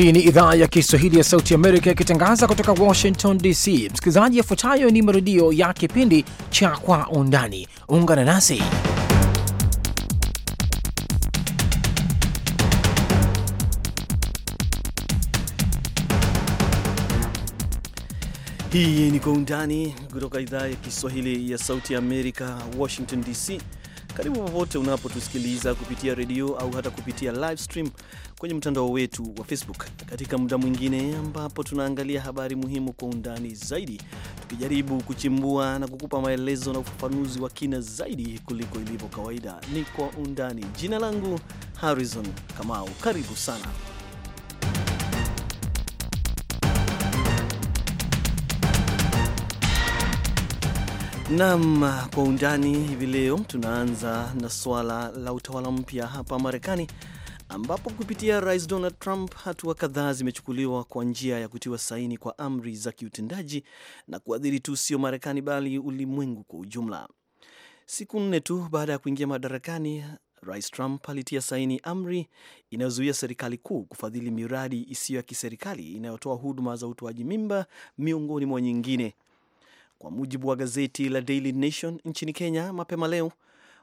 Hii ni idhaa ya Kiswahili ya Sauti Amerika ikitangaza kutoka Washington DC. Msikilizaji, yafuatayo ni marudio ya kipindi cha Kwa Undani. Ungana nasi Hii ni Kwa Undani kutoka idhaa ya Kiswahili ya Sauti Amerika, Washington DC. Karibu popote unapotusikiliza kupitia redio au hata kupitia live stream kwenye mtandao wetu wa Facebook katika muda mwingine, ambapo tunaangalia habari muhimu kwa undani zaidi, tukijaribu kuchimbua na kukupa maelezo na ufafanuzi wa kina zaidi kuliko ilivyo kawaida. Ni kwa undani. Jina langu Harrison Kamau, karibu sana. nam kwa undani hivi leo tunaanza na suala la utawala mpya hapa Marekani ambapo kupitia Rais Donald Trump hatua kadhaa zimechukuliwa kwa njia ya kutiwa saini kwa amri za kiutendaji na kuathiri tu sio Marekani bali ulimwengu kwa ujumla. Siku nne tu baada ya kuingia madarakani, Rais Trump alitia saini amri inayozuia serikali kuu kufadhili miradi isiyo ya kiserikali inayotoa huduma za utoaji mimba miongoni mwa nyingine. Kwa mujibu wa gazeti la Daily Nation nchini Kenya mapema leo,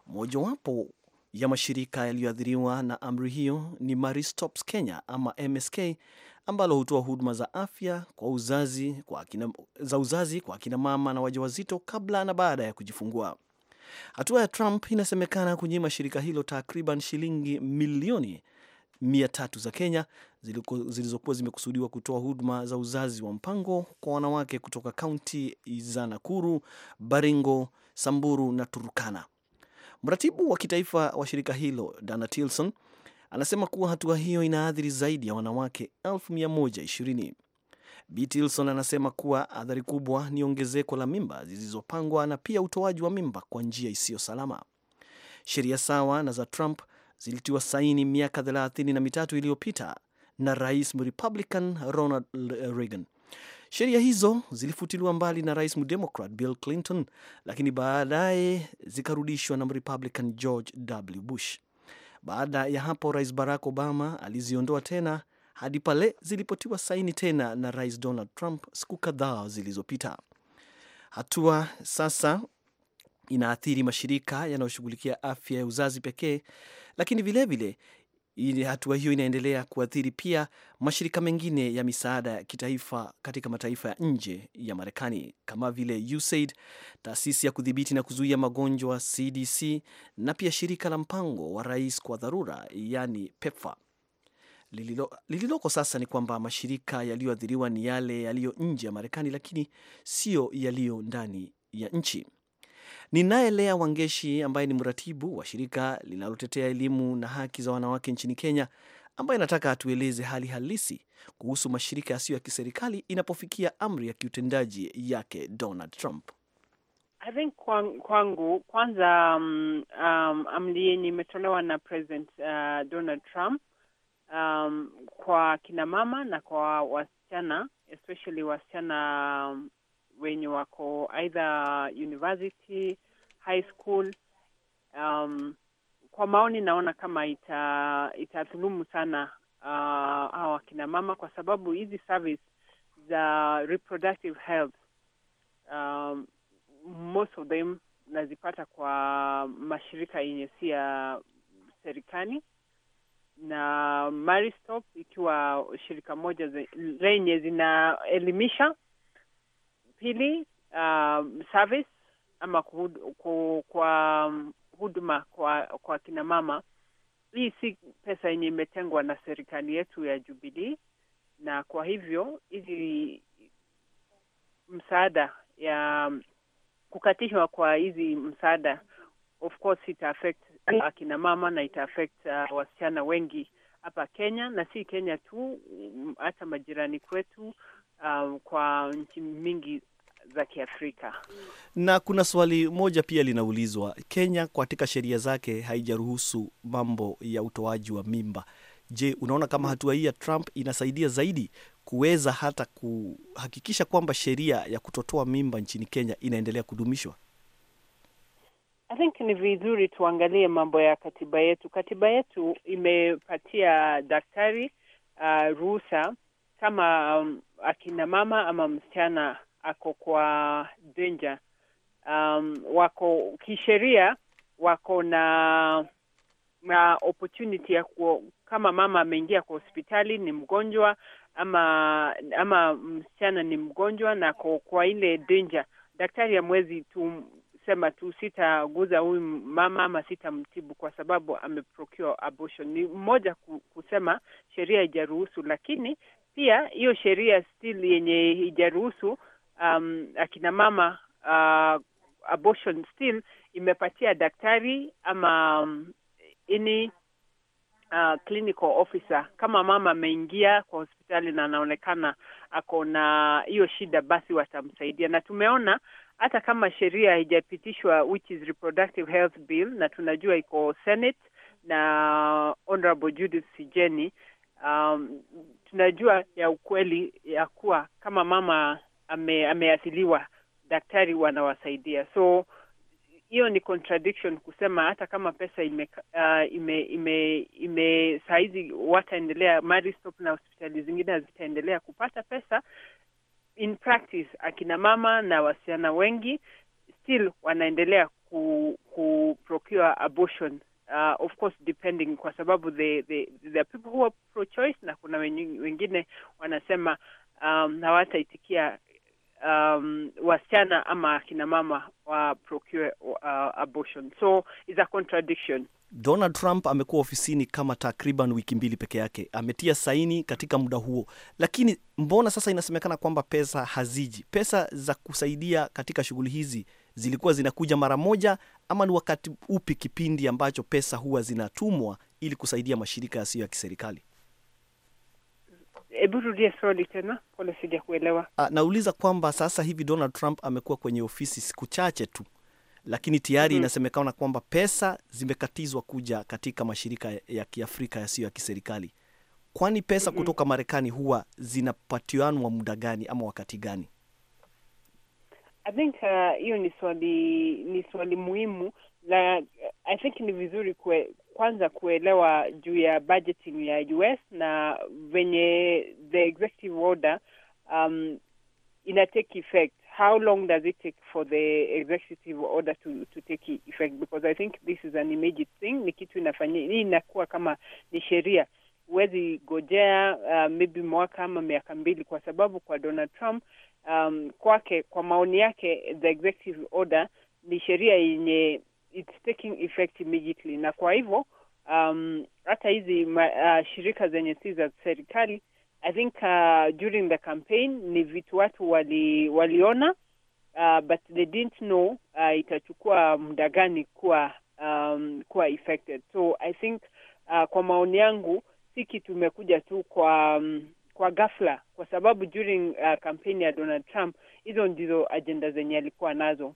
mojawapo ya mashirika yaliyoathiriwa na amri hiyo ni Maristops Kenya ama MSK ambalo hutoa huduma za afya kwa uzazi, kwa akina, za uzazi kwa akina mama na wajawazito kabla na baada ya kujifungua. Hatua ya Trump inasemekana kunyima shirika hilo takriban shilingi milioni mia tatu za Kenya zilizokuwa zimekusudiwa kutoa huduma za uzazi wa mpango kwa wanawake kutoka kaunti za Nakuru, Baringo, Samburu na Turukana. Mratibu wa kitaifa wa shirika hilo Dana Tilson anasema kuwa hatua hiyo inaathiri zaidi ya wanawake 120. B Tilson anasema kuwa athari kubwa ni ongezeko la mimba zilizopangwa na pia utoaji wa mimba kwa njia isiyo salama. Sheria sawa na za Trump zilitiwa saini miaka thelathini na mitatu iliyopita na rais Mrepublican Ronald Reagan. Sheria hizo zilifutiliwa mbali na rais mdemokrat Bill Clinton, lakini baadaye zikarudishwa na mrepublican George W. Bush. Baada ya hapo, rais Barack Obama aliziondoa tena hadi pale zilipotiwa saini tena na rais Donald Trump siku kadhaa zilizopita. Hatua sasa inaathiri mashirika yanayoshughulikia afya ya uzazi pekee, lakini vilevile ili hatua hiyo inaendelea kuathiri pia mashirika mengine ya misaada ya kitaifa katika mataifa ya nje ya Marekani kama vile USAID, taasisi ya kudhibiti na kuzuia magonjwa CDC, na pia shirika la mpango wa rais kwa dharura, yani PEPFAR. Lililo, lililoko sasa ni kwamba mashirika yaliyoathiriwa ni yale yaliyo nje ya Marekani, lakini siyo yaliyo ndani ya nchi. Ninayelea Wangeshi ambaye ni mratibu wa shirika linalotetea elimu na haki za wanawake nchini Kenya, ambaye anataka atueleze hali halisi kuhusu mashirika yasiyo ya kiserikali inapofikia amri ya kiutendaji yake Donald Trump. I think kwangu, kwangu kwanza um, um, amri yenye imetolewa na President uh, Donald Trump um, kwa kina mama na kwa wasichana especially wasichana um, wenye wako either university, high school. Um, kwa maoni naona kama ita itadhulumu sana uh, hawa akina mama kwa sababu hizi service za reproductive health um, most of them nazipata kwa mashirika yenye si ya serikali na Maristop ikiwa shirika moja lenye zinaelimisha Pili, uh, service ama kuhud, ku, kwa um, huduma kwa kwa kina mama. Hii si pesa yenye imetengwa na serikali yetu ya jubilii na kwa hivyo hizi msaada ya um, kukatishwa kwa hizi msaada of course ita affect akina uh, mama na ita affect uh, wasichana wengi hapa Kenya na si Kenya tu, mm, hata majirani kwetu um, kwa nchi mingi za Kiafrika. Na kuna swali moja pia linaulizwa, Kenya katika sheria zake haijaruhusu mambo ya utoaji wa mimba. Je, unaona kama hatua hii ya Trump inasaidia zaidi kuweza hata kuhakikisha kwamba sheria ya kutotoa mimba nchini Kenya inaendelea kudumishwa? I think ni vizuri tuangalie mambo ya katiba yetu. Katiba yetu imepatia daktari uh, ruhusa kama um, akina mama ama msichana ako kwa danger, um, wako kisheria, wako na na opportunity ya kuo, kama mama ameingia kwa hospitali ni mgonjwa ama ama msichana ni mgonjwa na ko kwa ile danger, daktari amwezi tu sema tu sitaguza huyu mama ama sitamtibu kwa sababu ameprocure abortion. Ni mmoja kusema sheria haijaruhusu, lakini pia hiyo sheria still yenye ijaruhusu um, akina mama uh, abortion still imepatia daktari ama um, ini uh, clinical officer. Kama mama ameingia kwa hospitali na anaonekana ako na hiyo shida, basi watamsaidia, na tumeona hata kama sheria haijapitishwa which is reproductive health bill, na tunajua iko Senate na Honorable Judith Sijeni um, tunajua ya ukweli ya kuwa kama mama ame, ameathiriwa daktari wanawasaidia, so hiyo ni contradiction kusema hata kama pesa ime, uh, ime, ime, ime wataendelea Marie na hospitali zingine hazitaendelea kupata pesa. In practice akina mama na wasichana wengi still wanaendelea ku, ku procure abortion Uh, of course depending kwa sababu the, the, the people who are pro choice na kuna wengine wanasema um, hawataitikia um, wasichana ama akina mama wa procure uh, abortion, so is a contradiction. Donald Trump amekuwa ofisini kama takriban wiki mbili peke yake, ametia saini katika muda huo, lakini mbona sasa inasemekana kwamba pesa haziji, pesa za kusaidia katika shughuli hizi zilikuwa zinakuja mara moja ama ni wakati upi kipindi ambacho pesa huwa zinatumwa ili kusaidia mashirika yasiyo ya kiserikali? Hebu rudia swali tena, pole, sijakuelewa. Ah, nauliza kwamba sasa hivi Donald Trump amekuwa kwenye ofisi siku chache tu, lakini tayari mm, inasemekana kwamba pesa zimekatizwa kuja katika mashirika ya kiafrika yasiyo ya kiserikali. Kwani pesa mm -hmm. kutoka Marekani huwa zinapatianwa muda gani ama wakati gani? I think uh, hiyo uh, ni swali ni swali muhimu la like, I think ni vizuri kwe, kwanza kuelewa juu ya budgeting ya US na venye the executive order um, ina take effect how long does it take for the executive order to, to take effect because I think this is an immediate thing ni kitu inafanya hii inakuwa kama ni sheria huwezi gojea uh, maybe mwaka ama miaka mbili kwa sababu kwa Donald Trump um, kwake, kwa maoni yake, the executive order ni sheria yenye it's taking effect immediately, na kwa hivyo um, hata um, hizi uh, shirika zenye si za serikali I think uh, during the campaign ni vitu watu wali, waliona uh, but they didn't know uh, itachukua muda gani kuwa um, kuwa affected. So I think uh, kwa maoni yangu si kitu imekuja tu kwa um, kwa ghafla, kwa sababu during uh, kampeni ya Donald Trump hizo ndizo ajenda zenye alikuwa nazo.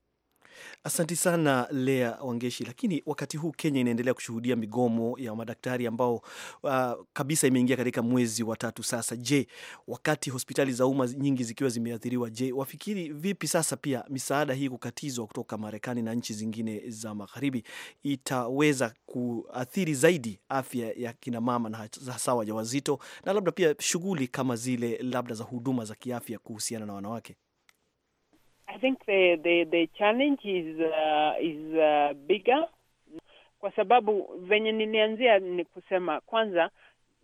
Asanti sana Lea Wangeshi. Lakini wakati huu Kenya inaendelea kushuhudia migomo ya madaktari ambao uh, kabisa imeingia katika mwezi wa tatu sasa. Je, wakati hospitali za umma nyingi zikiwa zimeathiriwa, je, wafikiri vipi sasa pia misaada hii kukatizwa kutoka Marekani na nchi zingine za magharibi itaweza kuathiri zaidi afya ya kinamama na hasa wajawazito na labda pia shughuli kama zile labda za huduma za kiafya kuhusiana na wanawake? I think the, the, the challenge is, uh, is uh, bigger kwa sababu venye nilianzia ni kusema kwanza,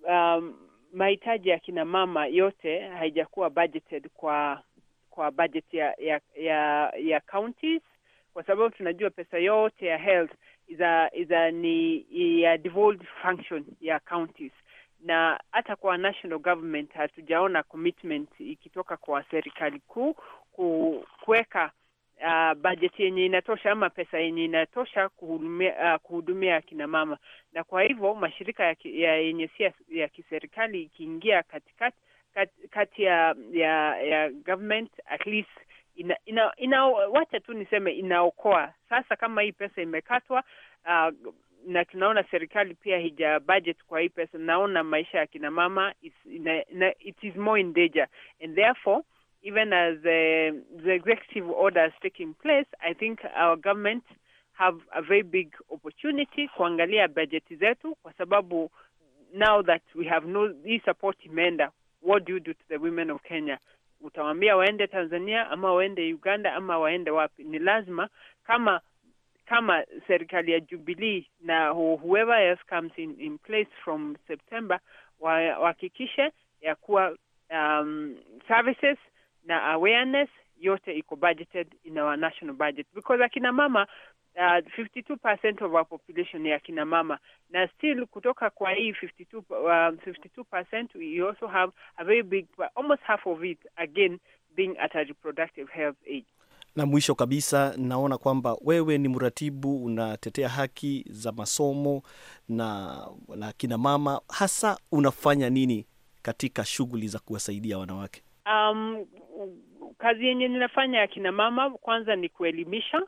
um, mahitaji ya kina mama yote haijakuwa budgeted kwa kwa budget ya ya ya, ya counties, kwa sababu tunajua pesa yote ya health is a, is a, ni ya devolved function ya counties, na hata kwa national government hatujaona commitment ikitoka kwa serikali kuu kuweka uh, bajeti yenye inatosha ama pesa yenye inatosha kuhudumia, uh, kuhudumia akina mama, na kwa hivyo mashirika ya, ya yenye si ya kiserikali ikiingia katikati kati ya, ya ya government at least ina, ina, ina, wacha tu niseme inaokoa. Sasa kama hii pesa imekatwa uh, na tunaona serikali pia hija budget kwa hii pesa, naona maisha ya kina mama is, ina, ina, it is more in danger and therefore even as uh, the executive order is taking place, I think our government have a very big opportunity kuangalia bajeti zetu, kwa sababu now that we have no hii support imeenda, what do you do to the women of Kenya? Utawaambia waende Tanzania ama waende Uganda ama waende wapi? Ni lazima kama kama serikali ya Jubilee na whoever else comes in, in place from September wahakikishe ya kuwa um, services na awareness yote iko budgeted in our national budget because akina mama uh, 52% of our population ni akina mama na still kutoka kwa hii 52, um, 52% we also have a very big almost half of it again being at a reproductive health age. Na mwisho kabisa, naona kwamba wewe ni mratibu unatetea haki za masomo na, na kina mama, hasa unafanya nini katika shughuli za kuwasaidia wanawake? Um, kazi yenye ninafanya ya kina mama kwanza ni kuelimisha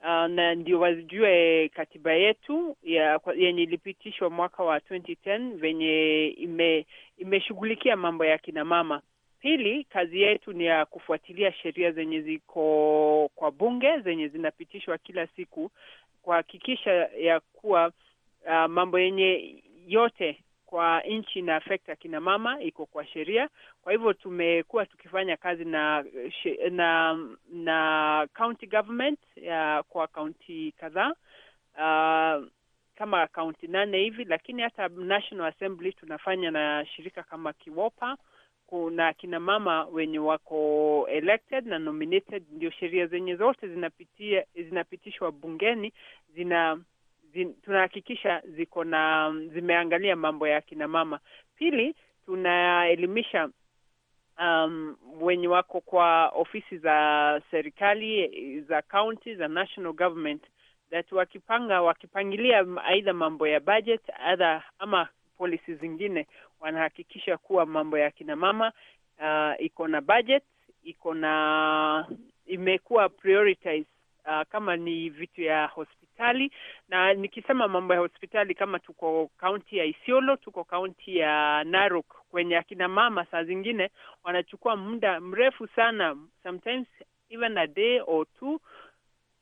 uh, na ndio wajue katiba yetu ya, yenye ilipitishwa mwaka wa 2010 venye ime, imeshughulikia mambo ya kina mama. Pili, kazi yetu ni ya kufuatilia sheria zenye ziko kwa bunge zenye zinapitishwa kila siku kuhakikisha ya kuwa uh, mambo yenye yote kwa nchi na afekta kina mama, iko kwa sheria. Kwa hivyo tumekuwa tukifanya kazi na na, na county government ya kwa kaunti kadhaa uh, kama kaunti nane hivi, lakini hata National Assembly tunafanya na shirika kama Kiwopa. Kuna kina mama wenye wako elected na nominated, ndio sheria zenye zote zinapitia zinapitishwa bungeni zina tunahakikisha ziko na mm, zimeangalia mambo ya akina mama. Pili, tunaelimisha um, wenye wako kwa ofisi za serikali za county za national government that wakipanga wakipangilia aidha mambo ya budget adha, ama policy zingine wanahakikisha kuwa mambo ya akina mama uh, iko na budget iko na imekuwa prioritize uh, kama ni vitu ya hospitali hospitali, na nikisema mambo ya hospitali, kama tuko kaunti ya Isiolo, tuko kaunti ya Narok, kwenye akina mama saa zingine wanachukua muda mrefu sana, sometimes even a day or two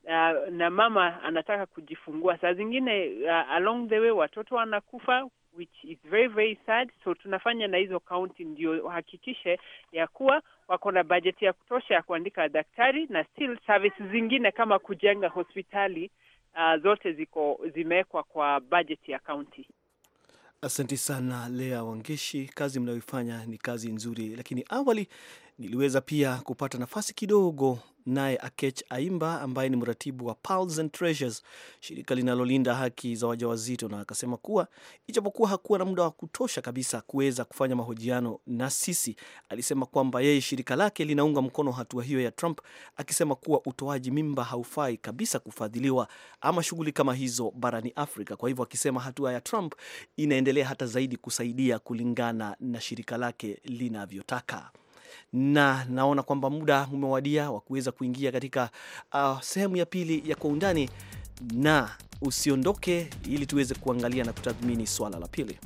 Uh, na mama anataka kujifungua saa zingine, uh, along the way watoto wanakufa which is very very sad. So tunafanya na hizo kaunti ndio wahakikishe ya kuwa wako na bajeti ya kutosha ya kuandika daktari na still services zingine kama kujenga hospitali uh, zote ziko zimewekwa kwa bajeti ya kaunti. Asante sana Lea Wangeshi, kazi mnayoifanya ni kazi nzuri, lakini awali Niliweza pia kupata nafasi kidogo naye Akech Aimba ambaye ni mratibu wa and Treasures, shirika linalolinda haki za wajawazito, na akasema kuwa ijapokuwa hakuwa na muda wa kutosha kabisa kuweza kufanya mahojiano na sisi, alisema kwamba yeye shirika lake linaunga mkono hatua hiyo ya Trump, akisema kuwa utoaji mimba haufai kabisa kufadhiliwa ama shughuli kama hizo barani Afrika. Kwa hivyo, akisema hatua ya Trump inaendelea hata zaidi kusaidia kulingana na shirika lake linavyotaka na naona kwamba muda umewadia wa kuweza kuingia katika uh, sehemu ya pili ya kwa undani, na usiondoke ili tuweze kuangalia na kutathmini swala la pili.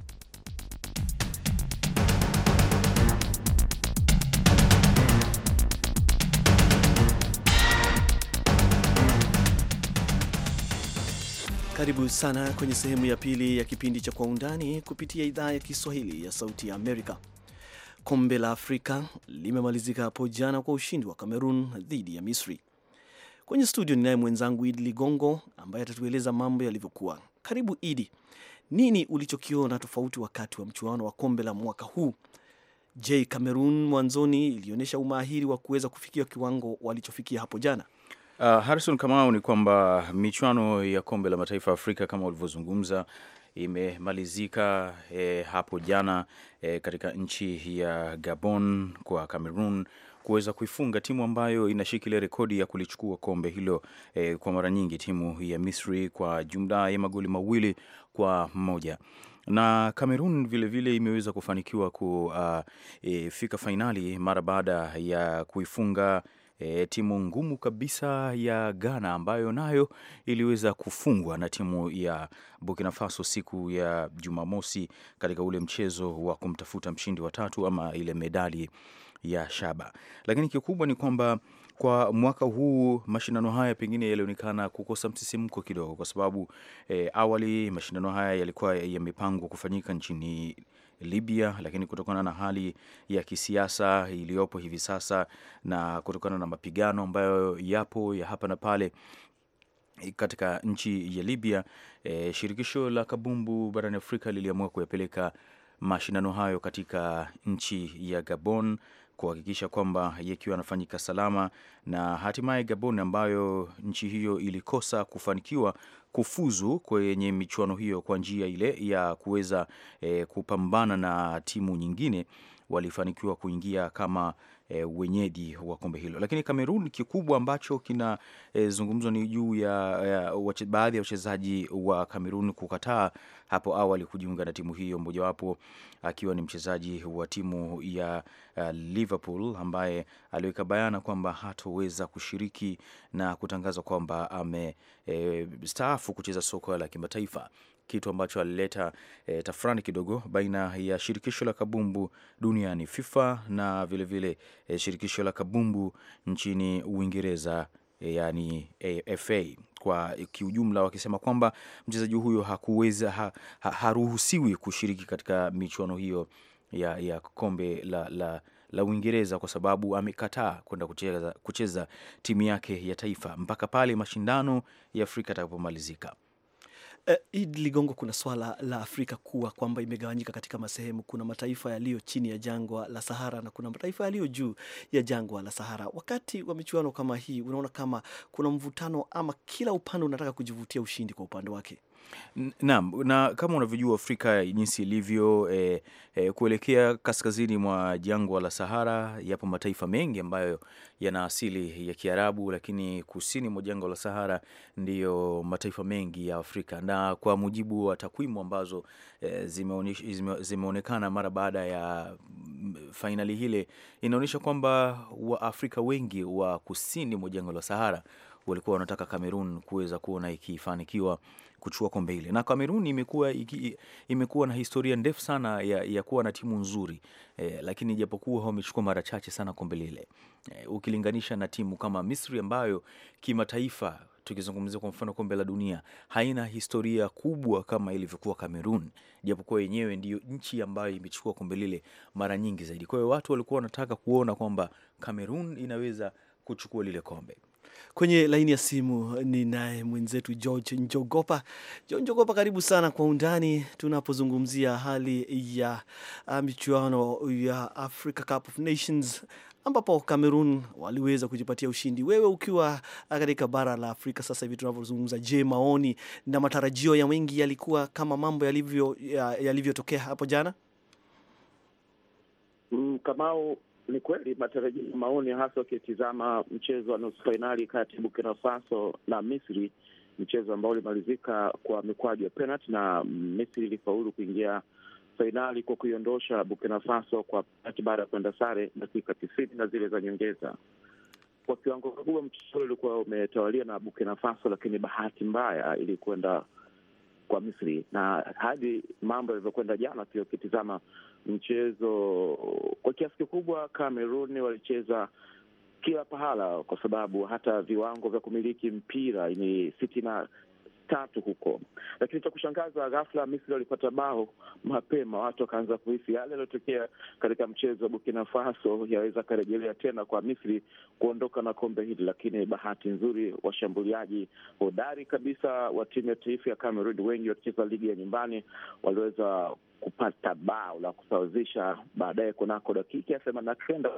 Karibu sana kwenye sehemu ya pili ya kipindi cha Kwa Undani kupitia idhaa ya Kiswahili ya Sauti ya Amerika. Kombe la Afrika limemalizika hapo jana kwa ushindi wa cameron dhidi ya Misri. Kwenye studio ninaye mwenzangu Idi Ligongo ambaye atatueleza mambo yalivyokuwa. Karibu Idi, nini ulichokiona tofauti wakati wa mchuano wa kombe la mwaka huu? Je, Cameroon mwanzoni ilionyesha umahiri wa kuweza kufikia kiwango walichofikia hapo jana? Uh, Harrison Kamau, ni kwamba michuano ya kombe la mataifa ya Afrika kama ulivyozungumza imemalizika e, hapo jana e, katika nchi ya Gabon kwa Cameroon kuweza kuifunga timu ambayo inashikilia rekodi ya kulichukua kombe hilo e, kwa mara nyingi, timu ya Misri kwa jumla ya magoli mawili kwa moja na Cameroon vilevile imeweza kufanikiwa kufika ah, uh, e, fainali mara baada ya kuifunga e, timu ngumu kabisa ya Ghana ambayo nayo iliweza kufungwa na timu ya Burkina Faso siku ya Jumamosi katika ule mchezo wa kumtafuta mshindi wa tatu ama ile medali ya shaba. Lakini kikubwa ni kwamba kwa mwaka huu mashindano haya pengine yalionekana kukosa msisimko kidogo, kwa sababu e, awali mashindano haya yalikuwa yamepangwa kufanyika nchini Libya, lakini kutokana na hali ya kisiasa iliyopo hivi sasa na kutokana na mapigano ambayo yapo ya hapa na pale katika nchi ya Libya, e, shirikisho la kabumbu barani Afrika liliamua kuyapeleka mashindano hayo katika nchi ya Gabon kuhakikisha kwamba yakiwa yanafanyika salama na hatimaye Gabon ambayo nchi hiyo ilikosa kufanikiwa kufuzu kwenye michuano hiyo kwa njia ile ya kuweza e, kupambana na timu nyingine, walifanikiwa kuingia kama e, wenyeji wa kombe hilo. Lakini Kamerun, kikubwa ambacho kinazungumzwa eh, e, ni juu ya, ya wache, baadhi ya wachezaji wa Kamerun kukataa hapo awali kujiunga na timu hiyo, mmojawapo akiwa ni mchezaji wa timu ya uh, Liverpool ambaye aliweka bayana kwamba hatoweza kushiriki na kutangaza kwamba amestaafu kucheza soka la kimataifa kitu ambacho alileta e, eh, tafrani kidogo baina ya shirikisho la kabumbu duniani FIFA na vilevile vile, e, shirikisho la kabumbu nchini Uingereza e, yani AFA kwa kiujumla, wakisema kwamba mchezaji huyo hakuweza ha, ha, haruhusiwi kushiriki katika michuano hiyo ya, ya kombe la, la la Uingereza kwa sababu amekataa kwenda kucheza, kucheza timu yake ya taifa mpaka pale mashindano ya Afrika atakapomalizika. Uh, Idi Ligongo, kuna swala la Afrika kuwa kwamba imegawanyika katika masehemu. Kuna mataifa yaliyo chini ya jangwa la Sahara na kuna mataifa yaliyo juu ya jangwa la Sahara. Wakati wa michuano kama hii, unaona kama kuna mvutano ama kila upande unataka kujivutia ushindi kwa upande wake? Naam, na kama unavyojua Afrika jinsi ilivyo, e, e, kuelekea kaskazini mwa jangwa la Sahara, yapo mataifa mengi ambayo yana asili ya Kiarabu, lakini kusini mwa jangwa la Sahara ndiyo mataifa mengi ya Afrika, na kwa mujibu wa takwimu ambazo e, zimeonekana zime, mara baada ya fainali hile, inaonyesha kwamba Waafrika wengi wa kusini mwa jangwa la Sahara walikuwa wanataka Kamerun kuweza kuona ikifanikiwa kuchua kombe ile Na Kamerun imekuwa imekuwa na historia ndefu sana ya, ya kuwa na timu nzuri e, lakini japokuwa wamechukua mara chache sana kombe lile e, ukilinganisha na timu kama Misri ambayo kimataifa tukizungumzia kwa mfano kombe la dunia haina historia kubwa kama ilivyokuwa Kamerun, japokuwa yenyewe ndiyo nchi ambayo imechukua kombe lile mara nyingi zaidi. Kwa hiyo watu walikuwa wanataka kuona kwamba Kamerun inaweza kuchukua lile kombe. Kwenye laini ya simu ni naye mwenzetu George Njogopa. George Njogopa, karibu sana kwa undani tunapozungumzia hali ya ah, michuano ya Africa Cup of Nations ambapo Cameroon waliweza kujipatia ushindi. Wewe ukiwa ah, katika bara la Afrika sasa hivi tunavyozungumza, je, maoni na matarajio ya wengi yalikuwa kama mambo yalivyotokea ya, yalivyo hapo jana? Mm, Kamao, ni kweli matarajio maoni, hasa ukitizama mchezo wa nusu fainali kati ya Burkina Faso na Misri, mchezo ambao ulimalizika kwa mikwaju ya penalti na Misri ilifaulu kuingia fainali kwa kuiondosha Burkina Faso kwa penalti baada ya kwenda sare dakika tisini na zile za nyongeza. Kwa kiwango kikubwa mchezo ulikuwa umetawalia na Burkina Faso, lakini bahati mbaya ilikwenda kwa Misri, na hadi mambo yalivyokwenda jana, pia ukitizama mchezo kwa kiasi kikubwa Kameruni walicheza kila pahala, kwa sababu hata viwango vya kumiliki mpira ni sitini na tatu huko, lakini cha kushangaza, ghafla Misri walipata bao mapema, watu wakaanza kuhisi yale yaliyotokea katika mchezo wa Burkina Faso yaweza karejelea tena kwa Misri kuondoka na kombe hili, lakini bahati nzuri washambuliaji hodari kabisa wa timu ya taifa ya Cameroon, wengi wakicheza ligi ya nyumbani, waliweza kupata bao la kusawazisha baadaye kunako dakika ya themani na kenda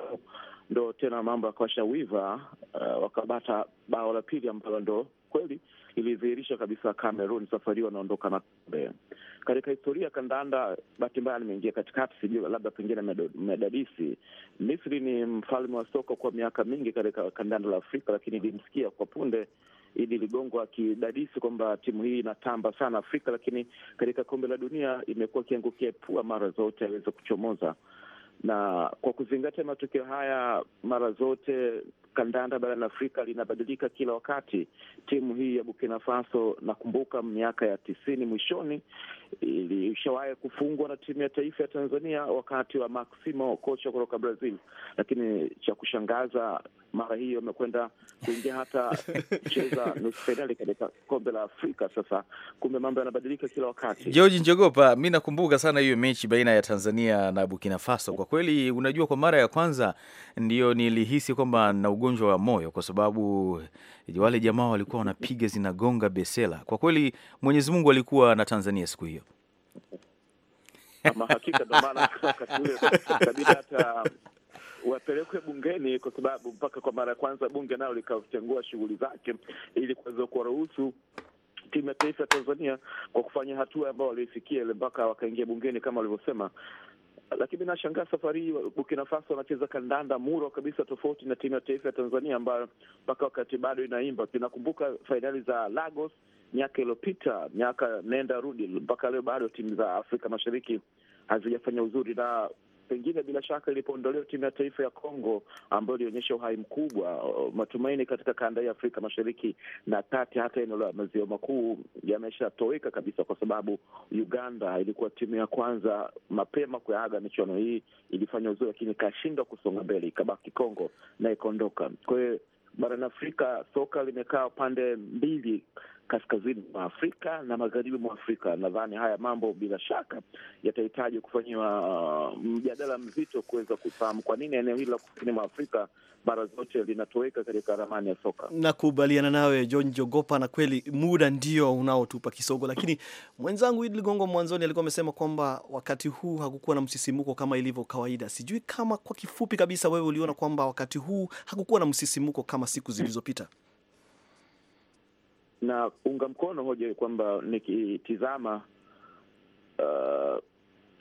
ndo tena mambo yakawasha wiva, uh, eh, wakapata bao la pili ambalo ndo kweli ilidhihirisha kabisa Cameroon safari hii wanaondoka na kombe. Katika historia ya kandanda, bahati mbaya nimeingia katikati, sijui labda pengine medadisi. Misri ni mfalme wa soka kwa miaka mingi katika kandanda la Afrika, lakini ilimsikia kwa punde Idi Ligongo akidadisi kwamba timu hii inatamba sana Afrika, lakini katika kombe la dunia imekuwa ikiangukia pua mara zote, aweze kuchomoza. Na kwa kuzingatia matukio haya mara zote kandanda barani Afrika linabadilika kila wakati. Timu hii ya Burkina Faso nakumbuka miaka ya tisini mwishoni ilishawahi kufungwa na timu ya taifa ya Tanzania wakati wa Maximo, kocha kutoka Brazil, lakini cha kushangaza mara hiyo amekwenda kuingia hata kucheza nusu fainali katika kombe la Afrika. Sasa kumbe mambo yanabadilika kila wakati. George Njogopa, mi nakumbuka sana hiyo mechi baina ya Tanzania na Burkina Faso. Kwa kweli, unajua, kwa mara ya kwanza ndiyo nilihisi kwamba na ugonjwa wa moyo, kwa sababu wale jamaa walikuwa wanapiga zinagonga besela. Kwa kweli Mwenyezi Mungu alikuwa na Tanzania siku hiyo. Ama hakika ndo maana wakati ule hata wapelekwe bungeni, kwa sababu mpaka kwa mara ya kwanza bunge nayo likachangua shughuli zake ili kuweza kuwaruhusu timu ya taifa ya Tanzania kwa kufanya hatua ambayo waliifikia ile mpaka wakaingia bungeni kama walivyosema lakini nashangaa safari hii Burkina Faso wanacheza kandanda muro kabisa, tofauti na timu ya taifa ya Tanzania ambayo mpaka wakati bado inaimba. Tunakumbuka fainali za Lagos miaka iliyopita, miaka nenda rudi, mpaka leo bado timu za Afrika Mashariki hazijafanya uzuri, na pengine bila shaka ilipoondolewa timu ya taifa ya Kongo ambayo ilionyesha uhai mkubwa, uh, matumaini katika kanda ya Afrika Mashariki na kati, hata eneo la maziwa makuu yameshatoweka kabisa, kwa sababu Uganda ilikuwa timu ya kwanza mapema kuyaaga michuano hii. Ilifanya uzuri, lakini ikashindwa kusonga mbele, ikabaki Kongo na ikaondoka. Kwa hiyo barani Afrika soka limekaa pande mbili kaskazini mwa Afrika na magharibi mwa Afrika. Nadhani haya mambo bila shaka yatahitaji kufanyiwa uh, mjadala mzito kuweza kufahamu kwa nini eneo hili la kusini mwa Afrika mara zote linatoweka katika ramani ya soka. Nakubaliana nawe John Jogopa, na kweli muda ndio unaotupa kisogo, lakini mwenzangu Idi Ligongo mwanzoni alikuwa amesema kwamba wakati huu hakukuwa na msisimuko kama ilivyo kawaida. Sijui kama kwa kifupi kabisa, wewe uliona kwamba wakati huu hakukuwa na msisimuko kama siku zilizopita? na unga mkono hoja kwamba nikitizama, uh,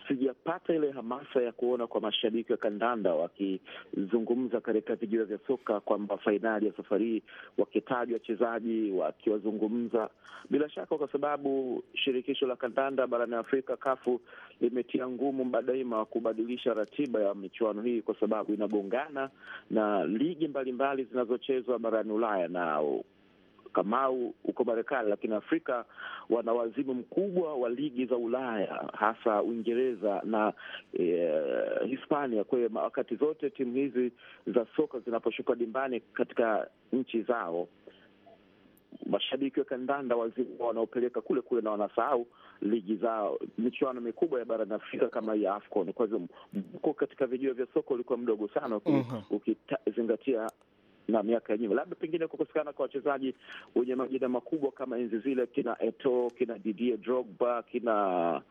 sijapata ile hamasa ya kuona kwa mashabiki wa kandanda wakizungumza katika vijua vya soka kwamba fainali ya safari hii, wakitaja wachezaji wakiwazungumza, bila shaka, kwa sababu shirikisho la kandanda barani Afrika kafu limetia ngumu daima wa kubadilisha ratiba ya michuano hii kwa sababu inagongana na ligi mbalimbali zinazochezwa barani Ulaya na Kamau huko Marekani, lakini Afrika wana wazimu mkubwa wa ligi za Ulaya, hasa Uingereza na e, Hispania. Kwa hiyo wakati zote timu hizi za soka zinaposhuka dimbani katika nchi zao mashabiki wa kandanda wazimu wanaopeleka kule kule na wanasahau ligi zao, michuano mikubwa ya barani Afrika kama ya AFCON. Kwa hivyo mko katika vijio vya soko ulikuwa mdogo sana ukizingatia na miaka ya nyuma, labda pengine kukosekana kwa wachezaji wenye majina makubwa kama enzi zile, kina eto kina Didier Drogba, kina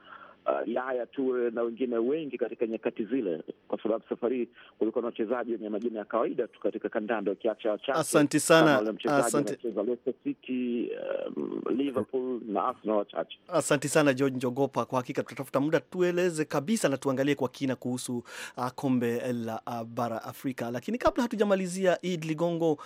Yaya uh, Toure na wengine wengi katika nyakati zile, kwa sababu safari hii kulikuwa na wachezaji wenye majina ya kawaida tu katika kandanda, ukiacha wachache. Asante sana, asante Leicester City, um, Liverpool na Arsenal wachache. Asante sana George Njogopa, kwa hakika tutatafuta muda tueleze kabisa na tuangalie kwa kina kuhusu uh, kombe la uh, bara Afrika, lakini kabla hatujamalizia, Eid Ligongo, uh,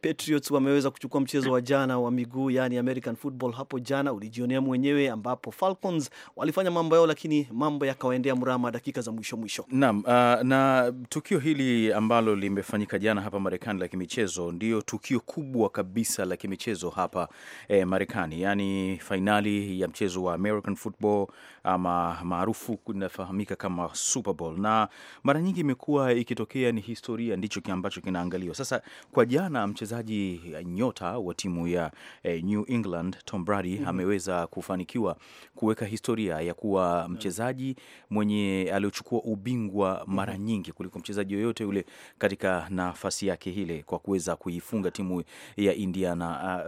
Patriots wameweza kuchukua mchezo wa jana wa miguu, yani American football hapo jana, ulijionea mwenyewe ambapo Falcons walifanya mambo leo, lakini mambo yakawaendea mrama dakika za mwisho mwisho. Naam, uh, na tukio hili ambalo limefanyika jana hapa Marekani la kimichezo ndio tukio kubwa kabisa la kimichezo hapa eh, Marekani, yaani fainali ya mchezo wa American football ama maarufu inafahamika kama Super Bowl, na mara nyingi imekuwa ikitokea, ni historia ndicho ambacho kinaangaliwa. Sasa kwa jana, mchezaji nyota wa timu ya eh, New England Tom Brady mm -hmm. ameweza kufanikiwa kuweka historia ya kuwa mchezaji mwenye aliochukua ubingwa mhm. mara nyingi kuliko mchezaji yoyote yule katika nafasi yake ile kwa kuweza kuifunga timu ya Indiana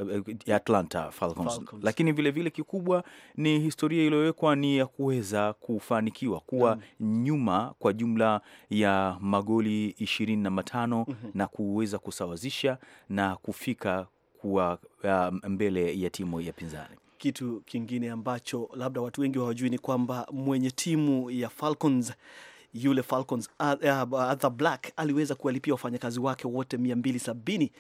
uh, Atlanta Falcons. Falcons. Lakini vile vile kikubwa ni historia iliyowekwa ni ya kuweza kufanikiwa kuwa mm. nyuma kwa jumla ya magoli ishirini na matano mm -hmm. na kuweza kusawazisha na kufika kuwa uh, mbele ya timu ya pinzani. Kitu kingine ambacho labda watu wengi hawajui ni kwamba mwenye timu ya Falcons yule Falcons Arthur uh, uh, Black aliweza kuwalipia wafanyakazi wake wote 270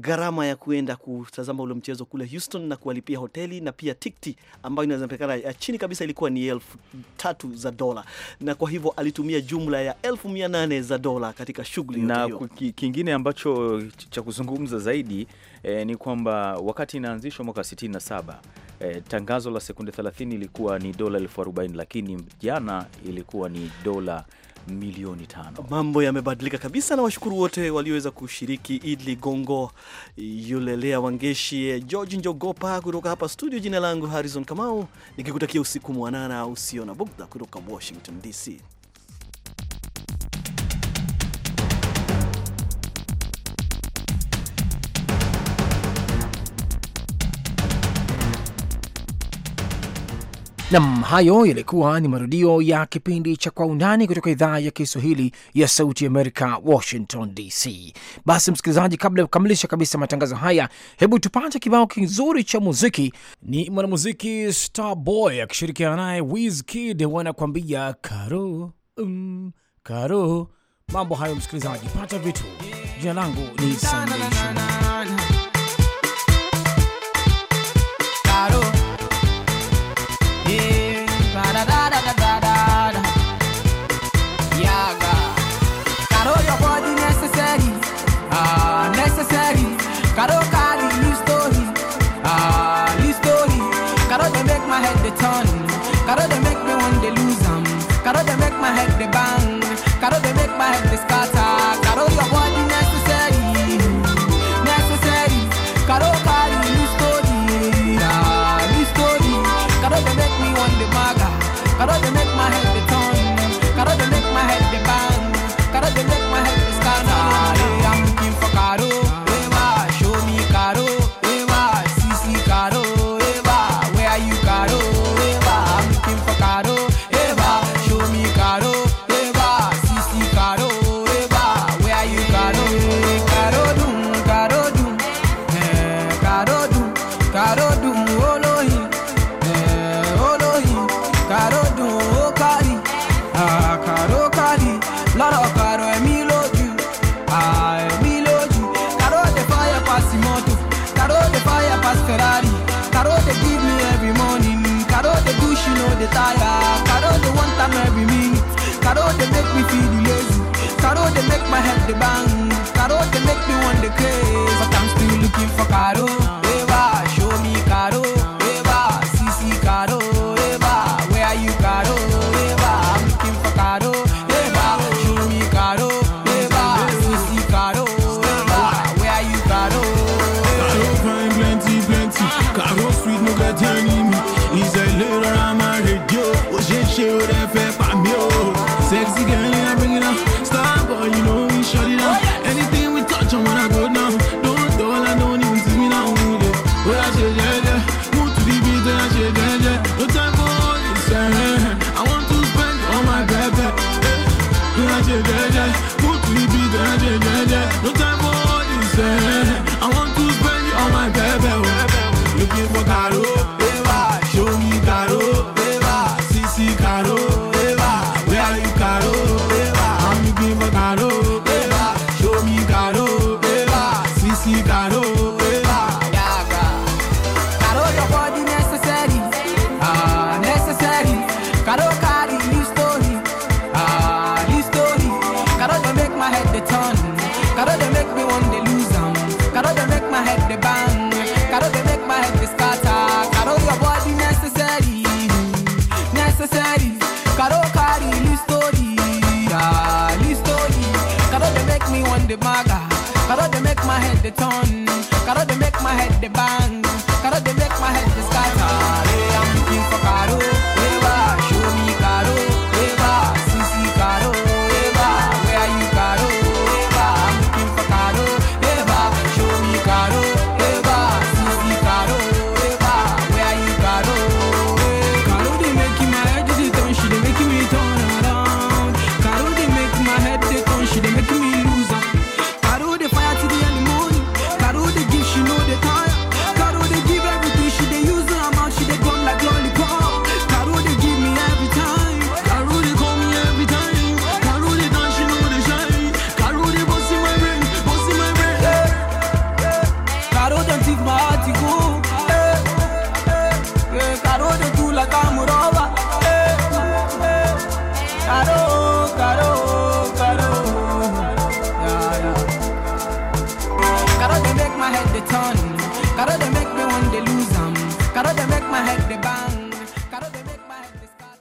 gharama ya kuenda kutazama ule mchezo kule Houston na kuwalipia hoteli na pia tikti ambayo inasemekana ya eh, chini kabisa ilikuwa ni elfu tatu za dola, na kwa hivyo alitumia jumla ya elfu mia nane za dola katika shughuli na Kingine ambacho cha kuzungumza zaidi eh, ni kwamba wakati inaanzishwa mwaka 67 eh, tangazo la sekunde 30 ilikuwa ni dola elfu arobaini lakini jana ilikuwa ni dola milioni tano. Mambo yamebadilika kabisa, na washukuru wote walioweza kushiriki: Idli Gongo, Yulelea Wangeshi, George Njogopa. Kutoka hapa studio, jina langu Harrison Kamau, nikikutakia usiku mwanana usio na bugdha kutoka Washington DC. Nam, hayo yalikuwa ni marudio ya kipindi cha Kwa Undani kutoka idhaa ya Kiswahili ya Sauti Amerika, Washington DC. Basi msikilizaji, kabla ya kukamilisha kabisa matangazo haya, hebu tupate kibao kizuri cha muziki. Ni mwanamuziki Starboy akishirikiana naye Wizkid wanakuambia karo, um, karo. Mambo hayo msikilizaji, pata vitu. Jina langu ni Sandei. like this. have the bank. want to make me want the cake.